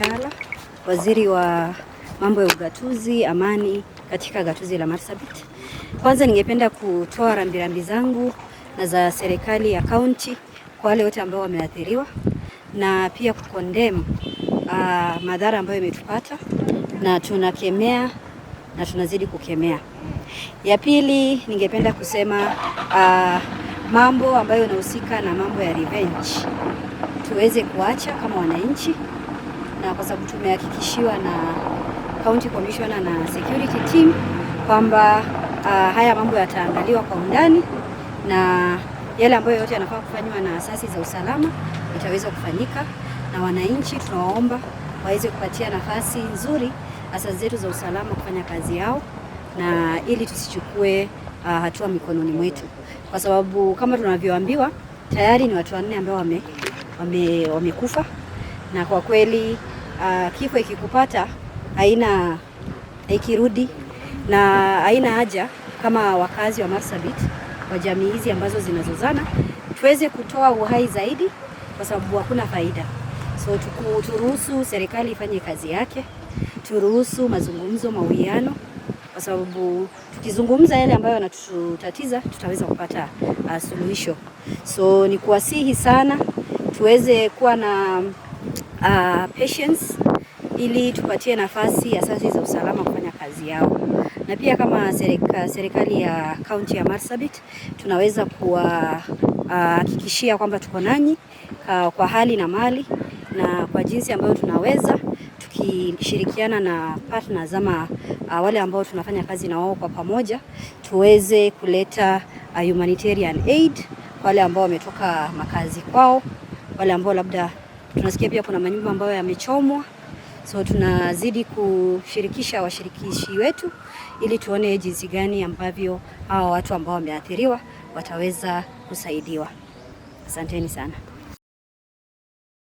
Tala, waziri wa mambo ya ugatuzi, amani katika gatuzi la Marsabit. Kwanza ningependa kutoa rambirambi zangu na za serikali ya kaunti kwa wale wote ambao wameathiriwa na pia kukondem uh, ah, madhara ambayo imetupata na tunakemea na tunazidi kukemea. Ya pili ningependa kusema uh, mambo ambayo yanahusika na mambo ya revenge tuweze kuacha kama wananchi na kwa sababu tumehakikishiwa na county commissioner na security team kwamba uh, haya mambo yataangaliwa kwa undani na yale ambayo yote yanafaa kufanywa na asasi za usalama itaweza kufanyika, na wananchi tunawaomba waweze kupatia nafasi nzuri asasi zetu za usalama kufanya kazi yao, na ili tusichukue uh, hatua mikononi mwetu, kwa sababu kama tunavyoambiwa tayari ni watu wanne ambao wamekufa wame, wame na kwa kweli uh, kifo ikikupata haina ikirudi na haina haja kama wakazi wa Marsabit wa jamii hizi ambazo zinazozana tuweze kutoa uhai zaidi, kwa sababu hakuna faida. So tuku, turuhusu serikali ifanye kazi yake, turuhusu mazungumzo, mawiano, kwa sababu tukizungumza yale ambayo yanatutatiza tutaweza kupata uh, suluhisho. So ni kuwasihi sana tuweze kuwa na uh, patience ili tupatie nafasi asasi za usalama kufanya kazi yao, na pia kama serikali ya kaunti ya Marsabit tunaweza kuwahakikishia uh, kwamba tuko nanyi uh, kwa hali na mali na kwa jinsi ambayo tunaweza tukishirikiana na partners ama uh, wale ambao tunafanya kazi na wao kwa pamoja, tuweze kuleta uh, humanitarian aid wale ambao wametoka makazi kwao, wale ambao labda Tunasikia pia kuna manyumba ambayo yamechomwa, so tunazidi kushirikisha washirikishi wetu ili tuone jinsi gani ambavyo hawa watu ambao wameathiriwa wataweza kusaidiwa. Asanteni sana.